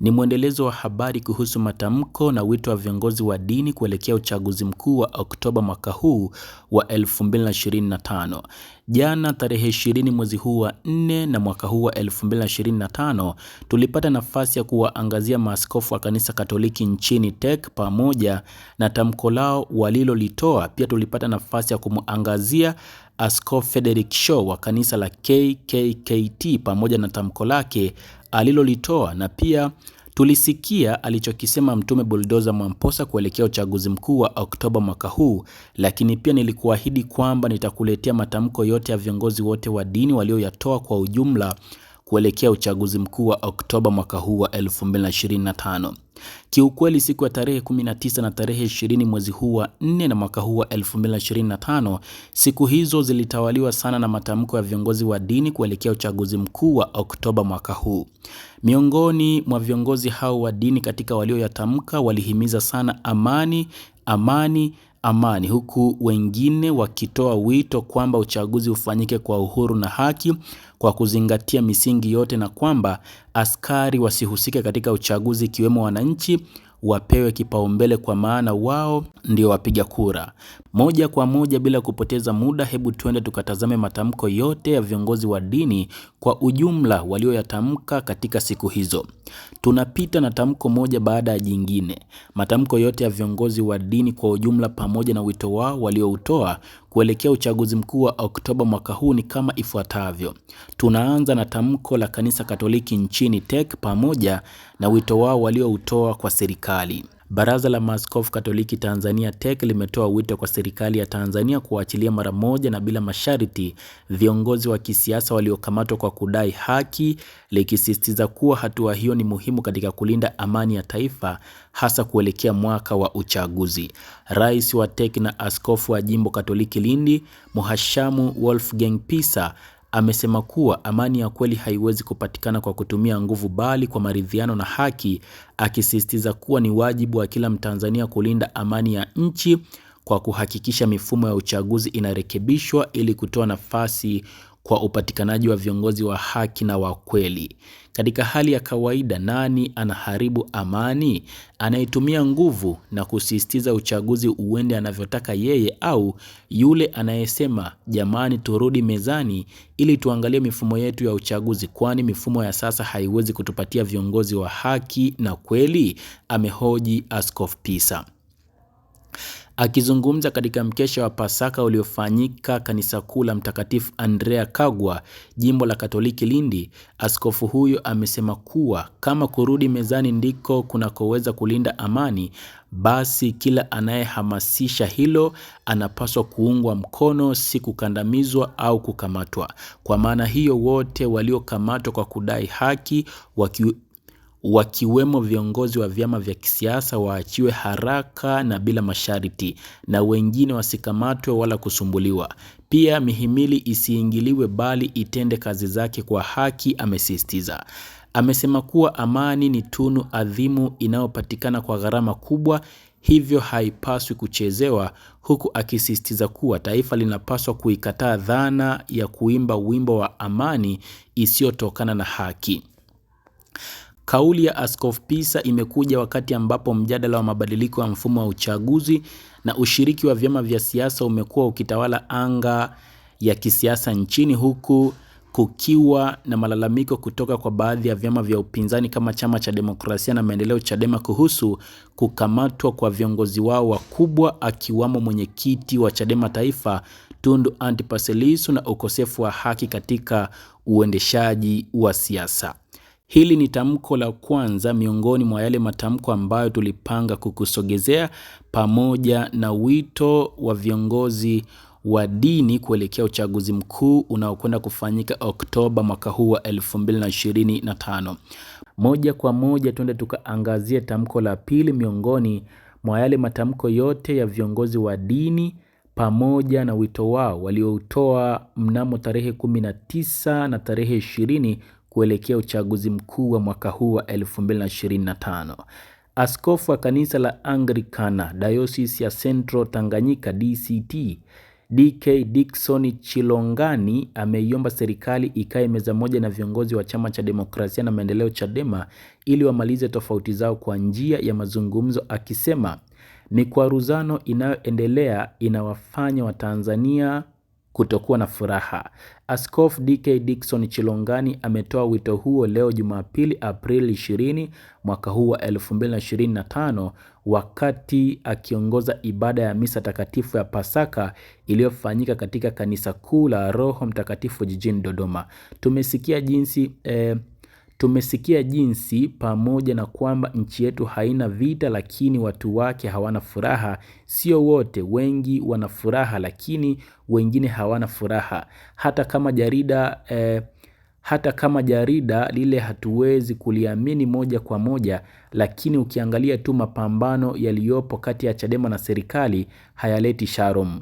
ni mwendelezo wa habari kuhusu matamko na wito wa viongozi wa dini kuelekea uchaguzi mkuu wa Oktoba mwaka huu wa 2025. Jana tarehe 20 mwezi huu wa 4 na mwaka huu wa 2025 tulipata nafasi ya kuwaangazia maaskofu wa kanisa Katoliki nchini TEC pamoja na tamko lao walilolitoa. Pia tulipata nafasi ya kumwangazia Askofu Frederick Shaw wa kanisa la KKKT pamoja na tamko lake alilolitoa na pia tulisikia alichokisema Mtume Buldoza Mwamposa kuelekea uchaguzi mkuu wa Oktoba mwaka huu, lakini pia nilikuahidi kwamba nitakuletea matamko yote ya viongozi wote wa dini walioyatoa kwa ujumla kuelekea uchaguzi mkuu wa Oktoba mwaka huu wa 2025. Kiukweli, siku ya tarehe 19 na tarehe 20 mwezi huu wa 4 na mwaka huu wa 2025, siku hizo zilitawaliwa sana na matamko ya viongozi wa dini kuelekea uchaguzi mkuu wa Oktoba mwaka huu. Miongoni mwa viongozi hao wa dini katika walioyatamka, walihimiza sana amani, amani amani, huku wengine wakitoa wito kwamba uchaguzi ufanyike kwa uhuru na haki kwa kuzingatia misingi yote na kwamba askari wasihusike katika uchaguzi ikiwemo wananchi wapewe kipaumbele kwa maana wao ndio wapiga kura. Moja kwa moja bila kupoteza muda, hebu twende tukatazame matamko yote ya viongozi wa dini kwa ujumla walioyatamka katika siku hizo. Tunapita na tamko moja baada ya jingine. Matamko yote ya viongozi wa dini kwa ujumla, pamoja na wito wao walioutoa kuelekea uchaguzi mkuu wa Oktoba mwaka huu ni kama ifuatavyo. Tunaanza na tamko la Kanisa Katoliki nchini TEC pamoja na wito wao walioutoa kwa serikali. Baraza la Maaskofu Katoliki Tanzania TEC limetoa wito kwa serikali ya Tanzania kuwaachilia mara moja na bila masharti viongozi wa kisiasa waliokamatwa kwa kudai haki, likisisitiza kuwa hatua hiyo ni muhimu katika kulinda amani ya taifa, hasa kuelekea mwaka wa uchaguzi. Rais wa TEC na askofu wa jimbo Katoliki Lindi, Mhashamu Wolfgang Pisa amesema kuwa amani ya kweli haiwezi kupatikana kwa kutumia nguvu bali kwa maridhiano na haki, akisisitiza kuwa ni wajibu wa kila Mtanzania kulinda amani ya nchi kwa kuhakikisha mifumo ya uchaguzi inarekebishwa ili kutoa nafasi kwa upatikanaji wa viongozi wa haki na wa kweli. Katika hali ya kawaida, nani anaharibu amani? Anayetumia nguvu na kusisitiza uchaguzi uende anavyotaka yeye, au yule anayesema jamani, turudi mezani ili tuangalie mifumo yetu ya uchaguzi, kwani mifumo ya sasa haiwezi kutupatia viongozi wa haki na kweli? Amehoji Askofu Pisa. Akizungumza katika mkesha wa Pasaka uliofanyika kanisa kuu la Mtakatifu Andrea Kagwa, jimbo la Katoliki Lindi, askofu huyo amesema kuwa kama kurudi mezani ndiko kunakoweza kulinda amani, basi kila anayehamasisha hilo anapaswa kuungwa mkono, si kukandamizwa au kukamatwa. Kwa maana hiyo, wote waliokamatwa kwa kudai haki waki wakiwemo viongozi wa vyama vya kisiasa waachiwe haraka na bila masharti na wengine wasikamatwe wala kusumbuliwa. Pia mihimili isiingiliwe bali itende kazi zake kwa haki, amesisitiza. Amesema kuwa amani ni tunu adhimu inayopatikana kwa gharama kubwa, hivyo haipaswi kuchezewa, huku akisisitiza kuwa taifa linapaswa kuikataa dhana ya kuimba wimbo wa amani isiyotokana na haki. Kauli ya Askofu Pisa imekuja wakati ambapo mjadala wa mabadiliko ya mfumo wa uchaguzi na ushiriki wa vyama vya siasa umekuwa ukitawala anga ya kisiasa nchini huku kukiwa na malalamiko kutoka kwa baadhi ya vyama vya upinzani kama Chama cha Demokrasia na Maendeleo Chadema kuhusu kukamatwa kwa viongozi wao wakubwa akiwamo mwenyekiti wa Chadema Taifa Tundu Antipas Lissu na ukosefu wa haki katika uendeshaji wa siasa. Hili ni tamko la kwanza miongoni mwa yale matamko ambayo tulipanga kukusogezea pamoja na wito wa viongozi wa dini kuelekea uchaguzi mkuu unaokwenda kufanyika Oktoba mwaka huu wa 2025. Moja kwa moja tuende tukaangazie tamko la pili miongoni mwa yale matamko yote ya viongozi wa dini pamoja na wito wao walioutoa mnamo tarehe 19 na tarehe 20 kuelekea uchaguzi mkuu wa mwaka huu wa 2025. Askofu wa kanisa la Anglikana Diocese ya Central Tanganyika DCT DK Dickson Chilongani ameiomba serikali ikae meza moja na viongozi wa chama cha demokrasia na maendeleo Chadema ili wamalize tofauti zao kwa njia ya mazungumzo, akisema mikwaruzano inayoendelea inawafanya Watanzania kutokuwa na furaha. Askof DK Dickson Chilongani ametoa wito huo leo Jumapili Aprili 20 mwaka huu wa 2025 wakati akiongoza ibada ya misa takatifu ya Pasaka iliyofanyika katika kanisa kuu la Roho Mtakatifu jijini Dodoma. Tumesikia jinsi eh, Tumesikia jinsi pamoja na kwamba nchi yetu haina vita lakini watu wake hawana furaha. Sio wote, wengi wana furaha lakini wengine hawana furaha. Hata kama jarida eh, hata kama jarida lile hatuwezi kuliamini moja kwa moja, lakini ukiangalia tu mapambano yaliyopo kati ya Chadema na serikali hayaleti sharum.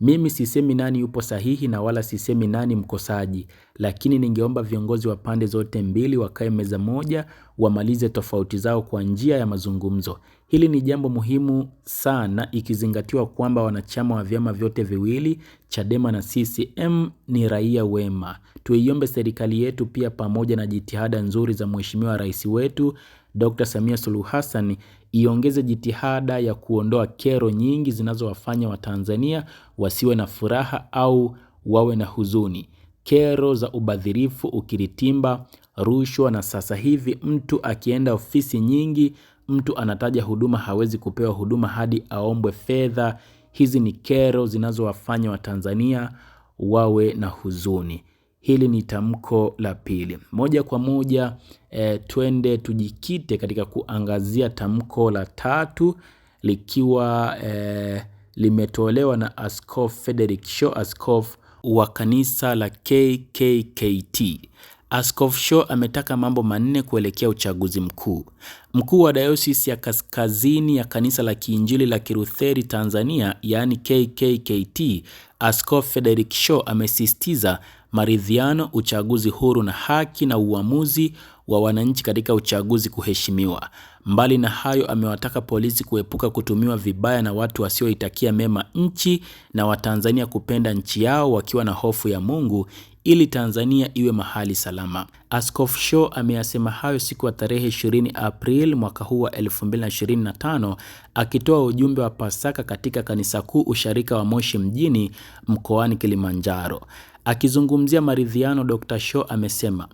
Mimi sisemi nani yupo sahihi na wala sisemi nani mkosaji, lakini ningeomba viongozi wa pande zote mbili wakae meza moja, wamalize tofauti zao kwa njia ya mazungumzo. Hili ni jambo muhimu sana ikizingatiwa kwamba wanachama wa vyama vyote viwili, Chadema na CCM ni raia wema. Tuiombe serikali yetu pia pamoja na jitihada nzuri za Mheshimiwa Rais wetu Dr. Samia Suluhu Hassan iongeze jitihada ya kuondoa kero nyingi zinazowafanya Watanzania wasiwe na furaha au wawe na huzuni, kero za ubadhirifu, ukiritimba, rushwa. Na sasa hivi mtu akienda ofisi nyingi, mtu anataja huduma, hawezi kupewa huduma hadi aombwe fedha. Hizi ni kero zinazowafanya Watanzania wawe na huzuni. Hili ni tamko la pili. Moja kwa moja e, twende tujikite katika kuangazia tamko la tatu likiwa e, limetolewa na Askofu Frederick Shaw, askofu wa kanisa la KKKT. Askofu Shaw ametaka mambo manne kuelekea uchaguzi mkuu. Mkuu wa dayosisi ya kaskazini ya kanisa la Kiinjili la kirutheri Tanzania, yaani KKKT, Askofu Frederick Shaw amesisitiza maridhiano, uchaguzi huru na haki na uamuzi wa wananchi katika uchaguzi kuheshimiwa. Mbali na hayo, amewataka polisi kuepuka kutumiwa vibaya na watu wasioitakia mema nchi na Watanzania kupenda nchi yao wakiwa na hofu ya Mungu ili Tanzania iwe mahali salama. Askofu Shaw ameyasema hayo siku ya tarehe 20 Aprili mwaka huu wa 2025 akitoa ujumbe wa Pasaka katika kanisa kuu usharika wa Moshi mjini mkoani Kilimanjaro. Akizungumzia maridhiano, Dr. Shaw amesema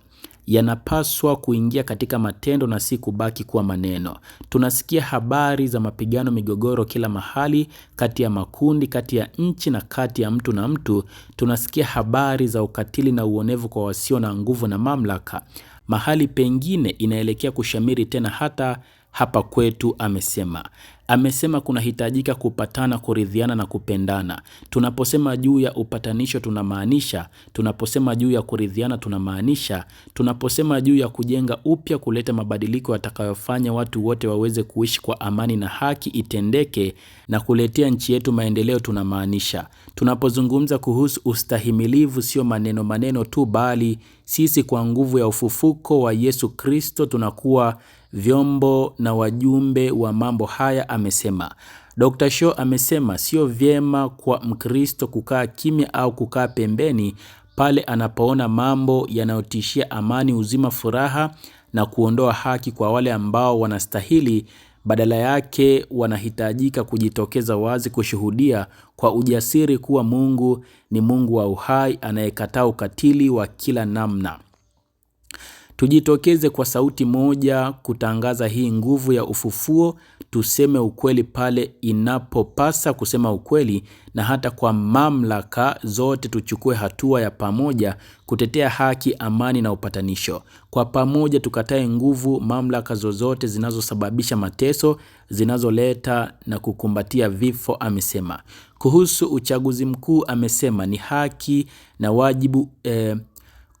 yanapaswa kuingia katika matendo na si kubaki kuwa maneno. Tunasikia habari za mapigano, migogoro kila mahali, kati ya makundi, kati ya nchi na kati ya mtu na mtu. Tunasikia habari za ukatili na uonevu kwa wasio na nguvu na mamlaka. Mahali pengine inaelekea kushamiri tena hata hapa kwetu, amesema. Amesema kunahitajika kupatana, kuridhiana na kupendana. Tunaposema juu ya upatanisho, tunamaanisha tunaposema juu ya kuridhiana, tunamaanisha tunaposema juu ya kujenga upya, kuleta mabadiliko yatakayofanya watu wote waweze kuishi kwa amani na haki itendeke na kuletea nchi yetu maendeleo, tunamaanisha. Tunapozungumza kuhusu ustahimilivu, sio maneno maneno tu, bali sisi kwa nguvu ya ufufuko wa Yesu Kristo tunakuwa vyombo na wajumbe wa mambo haya amesema. Dr. Shaw amesema sio vyema kwa Mkristo kukaa kimya au kukaa pembeni pale anapoona mambo yanayotishia amani, uzima, furaha na kuondoa haki kwa wale ambao wanastahili. Badala yake wanahitajika kujitokeza wazi kushuhudia kwa ujasiri kuwa Mungu ni Mungu wa uhai anayekataa ukatili wa kila namna. Tujitokeze kwa sauti moja kutangaza hii nguvu ya ufufuo, tuseme ukweli pale inapopasa kusema ukweli, na hata kwa mamlaka zote tuchukue hatua ya pamoja kutetea haki, amani na upatanisho. Kwa pamoja tukatae nguvu, mamlaka zozote zinazosababisha mateso, zinazoleta na kukumbatia vifo, amesema. Kuhusu uchaguzi mkuu amesema ni haki na wajibu eh,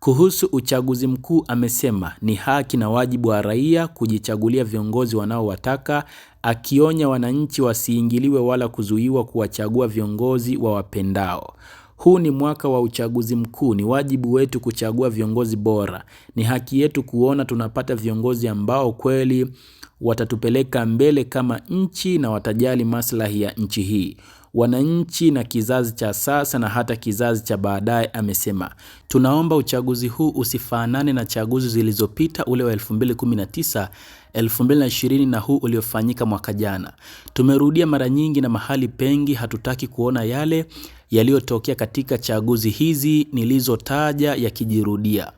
kuhusu uchaguzi mkuu amesema ni haki na wajibu wa raia kujichagulia viongozi wanaowataka, akionya wananchi wasiingiliwe wala kuzuiwa kuwachagua viongozi wa wapendao Huu ni mwaka wa uchaguzi mkuu, ni wajibu wetu kuchagua viongozi bora. Ni haki yetu kuona tunapata viongozi ambao kweli watatupeleka mbele kama nchi na watajali maslahi ya nchi hii wananchi na kizazi cha sasa na hata kizazi cha baadaye, amesema tunaomba uchaguzi huu usifanane na chaguzi zilizopita, ule wa 2019 2020 na huu uliofanyika mwaka jana. Tumerudia mara nyingi na mahali pengi, hatutaki kuona yale yaliyotokea katika chaguzi hizi nilizotaja yakijirudia.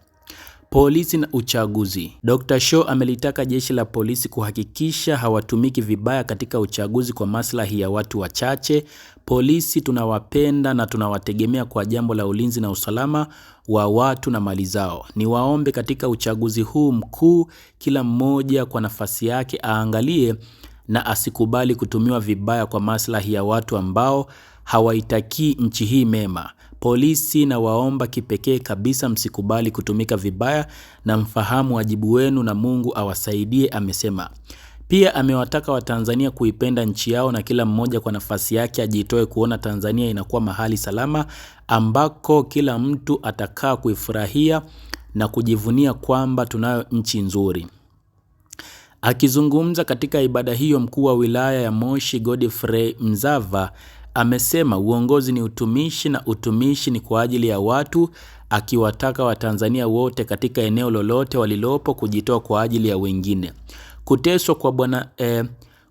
Polisi na uchaguzi. Dr. Shaw amelitaka jeshi la polisi kuhakikisha hawatumiki vibaya katika uchaguzi kwa maslahi ya watu wachache. Polisi tunawapenda na tunawategemea kwa jambo la ulinzi na usalama wa watu na mali zao. Niwaombe katika uchaguzi huu mkuu, kila mmoja kwa nafasi yake aangalie na asikubali kutumiwa vibaya kwa maslahi ya watu ambao hawaitakii nchi hii mema. Polisi na waomba kipekee kabisa msikubali kutumika vibaya na mfahamu wajibu wenu na Mungu awasaidie, amesema. Pia amewataka Watanzania kuipenda nchi yao na kila mmoja kwa nafasi yake ajitoe kuona Tanzania inakuwa mahali salama ambako kila mtu atakaa kuifurahia na kujivunia kwamba tunayo nchi nzuri. Akizungumza katika ibada hiyo, mkuu wa wilaya ya Moshi Godfrey Mzava amesema uongozi ni utumishi na utumishi ni kwa ajili ya watu, akiwataka Watanzania wote katika eneo lolote walilopo kujitoa kwa ajili ya wengine. Kuteswa kwa Bwana eh,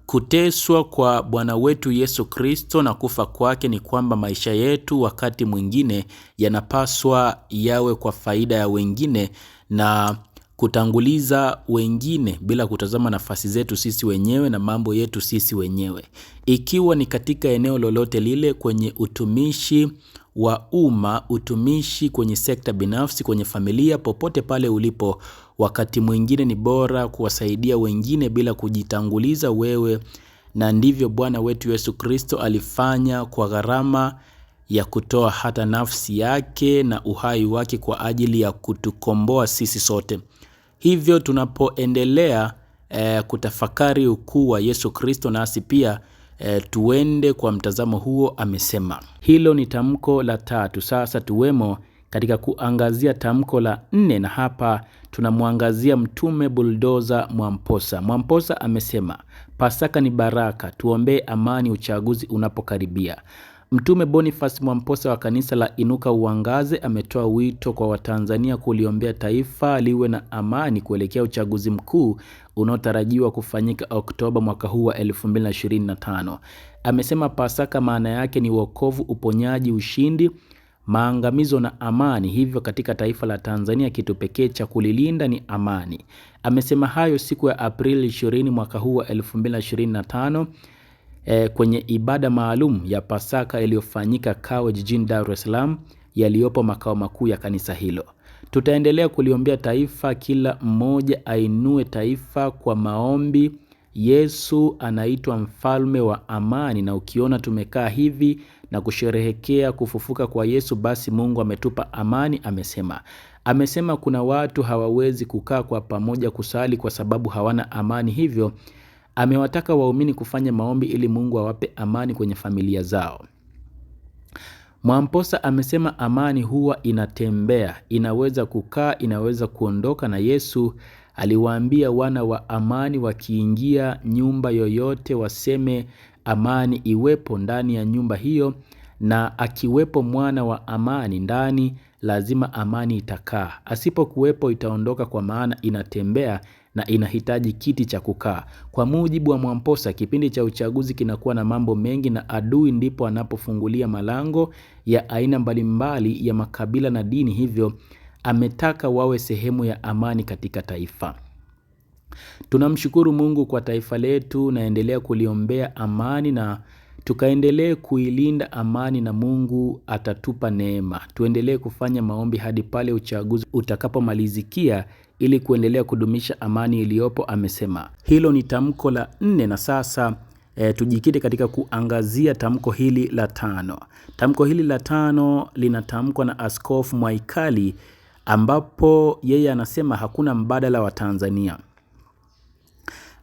kuteswa kwa Bwana wetu Yesu Kristo na kufa kwake ni kwamba maisha yetu wakati mwingine yanapaswa yawe kwa faida ya wengine na kutanguliza wengine bila kutazama nafasi zetu sisi wenyewe na mambo yetu sisi wenyewe. Ikiwa ni katika eneo lolote lile, kwenye utumishi wa umma, utumishi kwenye sekta binafsi, kwenye familia, popote pale ulipo, wakati mwingine ni bora kuwasaidia wengine bila kujitanguliza wewe, na ndivyo Bwana wetu Yesu Kristo alifanya kwa gharama ya kutoa hata nafsi yake na uhai wake kwa ajili ya kutukomboa sisi sote. Hivyo tunapoendelea e, kutafakari ukuu wa Yesu Kristo, nasi pia e, tuende kwa mtazamo huo, amesema. Hilo ni tamko la tatu. Sasa tuwemo katika kuangazia tamko la nne, na hapa tunamwangazia Mtume Buldoza Mwamposa. Mwamposa amesema Pasaka ni baraka, tuombee amani uchaguzi unapokaribia. Mtume Boniface Mwamposa wa kanisa la Inuka Uangaze ametoa wito kwa Watanzania kuliombea taifa liwe na amani kuelekea uchaguzi mkuu unaotarajiwa kufanyika Oktoba mwaka huu wa 2025. Amesema Pasaka maana yake ni wokovu, uponyaji, ushindi, maangamizo na amani. Hivyo katika taifa la Tanzania kitu pekee cha kulilinda ni amani. Amesema hayo siku ya Aprili 20 mwaka huu wa 2025 e, kwenye ibada maalum ya Pasaka iliyofanyika Kawe jijini Dar es Salaam yaliyopo makao makuu ya kanisa hilo. Tutaendelea kuliombea taifa, kila mmoja ainue taifa kwa maombi. Yesu anaitwa mfalme wa amani, na ukiona tumekaa hivi na kusherehekea kufufuka kwa Yesu, basi Mungu ametupa amani. Amesema amesema kuna watu hawawezi kukaa kwa pamoja kusali kwa sababu hawana amani, hivyo Amewataka waumini kufanya maombi ili Mungu awape amani kwenye familia zao. Mwamposa amesema amani huwa inatembea, inaweza kukaa, inaweza kuondoka, na Yesu aliwaambia wana wa amani wakiingia nyumba yoyote waseme amani iwepo ndani ya nyumba hiyo, na akiwepo mwana wa amani ndani, lazima amani itakaa; asipokuwepo itaondoka, kwa maana inatembea, na inahitaji kiti cha kukaa. Kwa mujibu wa Mwamposa, kipindi cha uchaguzi kinakuwa na mambo mengi na adui ndipo anapofungulia malango ya aina mbalimbali ya makabila na dini, hivyo ametaka wawe sehemu ya amani katika taifa. Tunamshukuru Mungu kwa taifa letu, naendelea kuliombea amani na Tukaendelee kuilinda amani na Mungu atatupa neema. Tuendelee kufanya maombi hadi pale uchaguzi utakapomalizikia ili kuendelea kudumisha amani iliyopo, amesema. Hilo ni tamko la nne, na sasa e, tujikite katika kuangazia tamko hili la tano. Tamko hili la tano linatamkwa na Askofu Mwaikali ambapo yeye anasema hakuna mbadala wa Tanzania.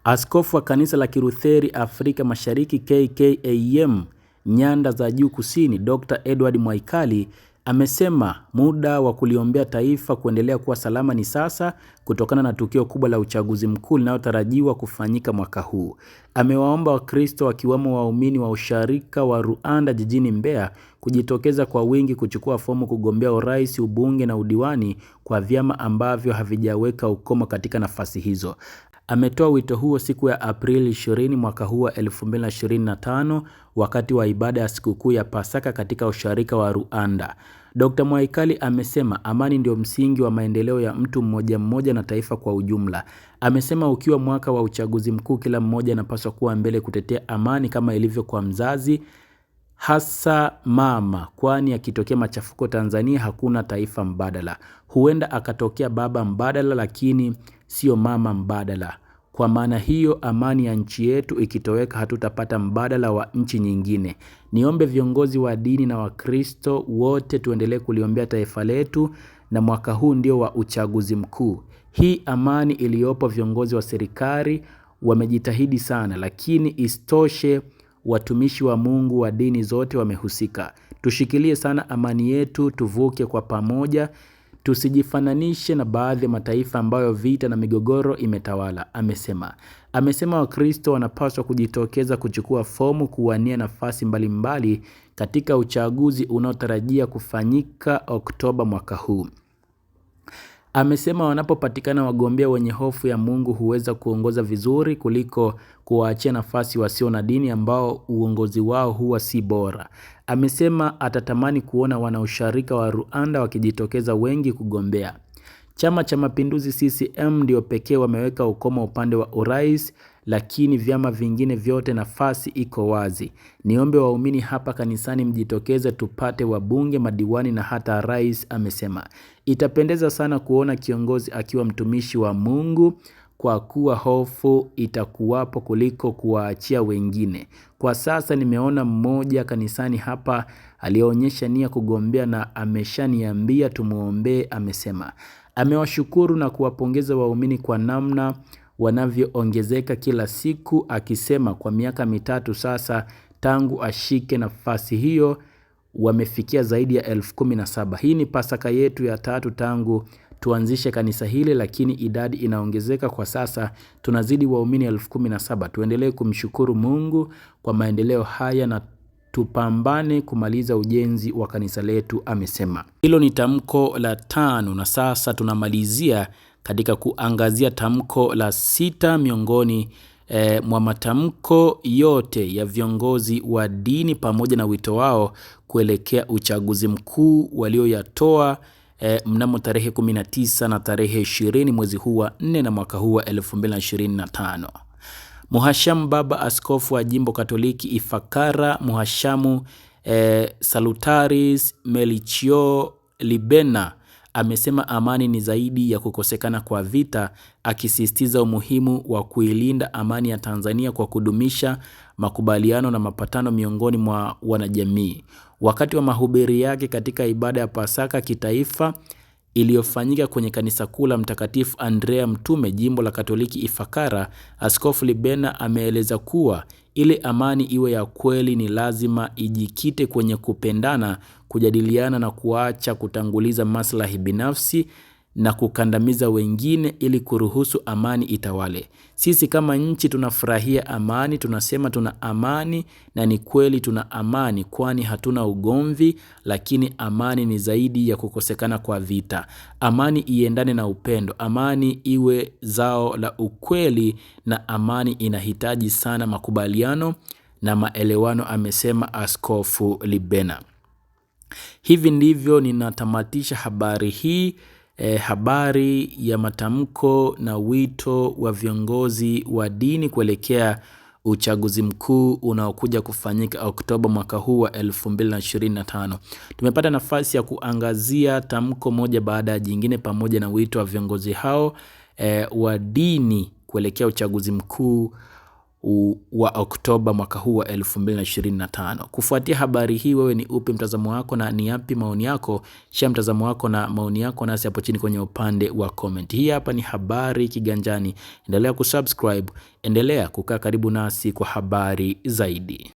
Askofu wa Kanisa la kirutheri Afrika Mashariki KKAM Nyanda za Juu Kusini, Dr. Edward Mwaikali amesema muda wa kuliombea taifa kuendelea kuwa salama ni sasa kutokana na tukio kubwa la uchaguzi mkuu linalotarajiwa kufanyika mwaka huu. Amewaomba Wakristo wakiwemo waumini wa usharika wa Ruanda jijini Mbeya kujitokeza kwa wingi kuchukua fomu kugombea urais, ubunge na udiwani kwa vyama ambavyo havijaweka ukomo katika nafasi hizo. Ametoa wito huo siku ya Aprili 20 mwaka huu wa 2025 wakati wa ibada ya sikukuu ya Pasaka katika usharika wa Ruanda. Dkt. Mwaikali amesema amani ndio msingi wa maendeleo ya mtu mmoja mmoja na taifa kwa ujumla. Amesema ukiwa mwaka wa uchaguzi mkuu, kila mmoja anapaswa kuwa mbele kutetea amani kama ilivyo kwa mzazi, hasa mama, kwani akitokea machafuko Tanzania hakuna taifa mbadala. Huenda akatokea baba mbadala, lakini sio mama mbadala. Kwa maana hiyo, amani ya nchi yetu ikitoweka, hatutapata mbadala wa nchi nyingine. Niombe viongozi wa dini na Wakristo wote tuendelee kuliombea taifa letu, na mwaka huu ndio wa uchaguzi mkuu. Hii amani iliyopo, viongozi wa serikali wamejitahidi sana, lakini isitoshe watumishi wa Mungu wa dini zote wamehusika. Tushikilie sana amani yetu, tuvuke kwa pamoja. Tusijifananishe na baadhi ya mataifa ambayo vita na migogoro imetawala, amesema. Amesema Wakristo wanapaswa kujitokeza kuchukua fomu kuwania nafasi mbalimbali mbali katika uchaguzi unaotarajia kufanyika Oktoba mwaka huu. Amesema wanapopatikana wagombea wenye hofu ya Mungu huweza kuongoza vizuri kuliko kuwaachia nafasi wasio na dini ambao uongozi wao huwa si bora. Amesema atatamani kuona wanaushirika wa Rwanda wakijitokeza wengi kugombea. Chama cha Mapinduzi CCM ndio pekee wameweka ukoma upande wa urais, lakini vyama vingine vyote nafasi iko wazi. Niombe waumini hapa kanisani mjitokeze, tupate wabunge, madiwani na hata rais, amesema. Itapendeza sana kuona kiongozi akiwa mtumishi wa Mungu kwa kuwa hofu itakuwapo kuliko kuwaachia wengine. Kwa sasa nimeona mmoja kanisani hapa alionyesha nia kugombea na ameshaniambia tumwombee, amesema. Amewashukuru na kuwapongeza waumini kwa namna wanavyoongezeka kila siku, akisema kwa miaka mitatu sasa tangu ashike nafasi hiyo wamefikia zaidi ya elfu kumi na saba. Hii ni Pasaka yetu ya tatu tangu tuanzishe kanisa hili, lakini idadi inaongezeka kwa sasa, tunazidi waumini elfu kumi na saba. Tuendelee kumshukuru Mungu kwa maendeleo haya na tupambane kumaliza ujenzi wa kanisa letu, amesema. Hilo ni tamko la tano, na sasa tunamalizia katika kuangazia tamko la sita miongoni E, mwa matamko yote ya viongozi wa dini pamoja na wito wao kuelekea uchaguzi mkuu walioyatoa e, mnamo tarehe 19 na tarehe 20 mwezi huu wa 4 na mwaka huu wa 2025. Muhashamu Baba Askofu wa Jimbo Katoliki Ifakara, Muhashamu e, Salutaris Melichio Libena amesema amani ni zaidi ya kukosekana kwa vita, akisisitiza umuhimu wa kuilinda amani ya Tanzania kwa kudumisha makubaliano na mapatano miongoni mwa wanajamii. Wakati wa mahubiri yake katika ibada ya Pasaka kitaifa iliyofanyika kwenye kanisa kuu la Mtakatifu Andrea Mtume, jimbo la Katoliki Ifakara, Askofu Libena ameeleza kuwa ili amani iwe ya kweli ni lazima ijikite kwenye kupendana, kujadiliana na kuacha kutanguliza maslahi binafsi na kukandamiza wengine ili kuruhusu amani itawale. Sisi kama nchi tunafurahia amani, tunasema tuna amani na ni kweli tuna amani kwani hatuna ugomvi, lakini amani ni zaidi ya kukosekana kwa vita. Amani iendane na upendo, amani iwe zao la ukweli na amani inahitaji sana makubaliano na maelewano, amesema Askofu Libena. Hivi ndivyo ninatamatisha habari hii e, habari ya matamko na wito wa viongozi wa dini kuelekea uchaguzi mkuu unaokuja kufanyika Oktoba mwaka huu wa 2025. Tumepata nafasi ya kuangazia tamko moja baada ya jingine pamoja na wito wa viongozi hao e, wa dini kuelekea uchaguzi mkuu wa Oktoba mwaka huu wa 2025. Kufuatia habari hii, wewe ni upi mtazamo wako na ni yapi maoni yako? Shia mtazamo wako na maoni yako nasi hapo chini kwenye upande wa comment. Hii hapa ni Habari Kiganjani. Endelea kusubscribe, endelea kukaa karibu nasi kwa habari zaidi.